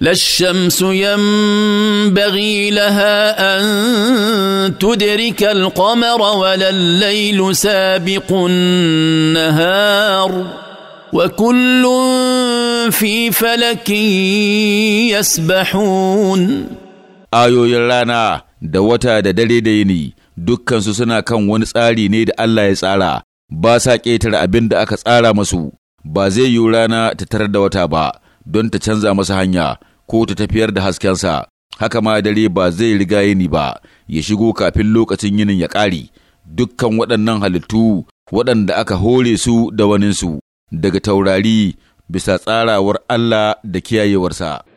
لا الشمس ينبغي لها ان تدرك القمر ولا الليل سابق النهار وكل في فلك يسبحون ayoyin rana da wata da dare da yini dukkansu suna kan wani tsari ne da Allah ya tsara ba sa ƙetare abin da aka tsara masu ba zai yi rana ta tarar da wata ba don ta canza masa hanya ko ta tafiyar da haskensa haka ma dare ba zai riga ni ba ya shigo kafin lokacin yinin ya ƙare dukkan waɗannan halittu waɗanda aka hore su da waninsu daga taurari bisa tsarawar Allah da kiyayewarsa.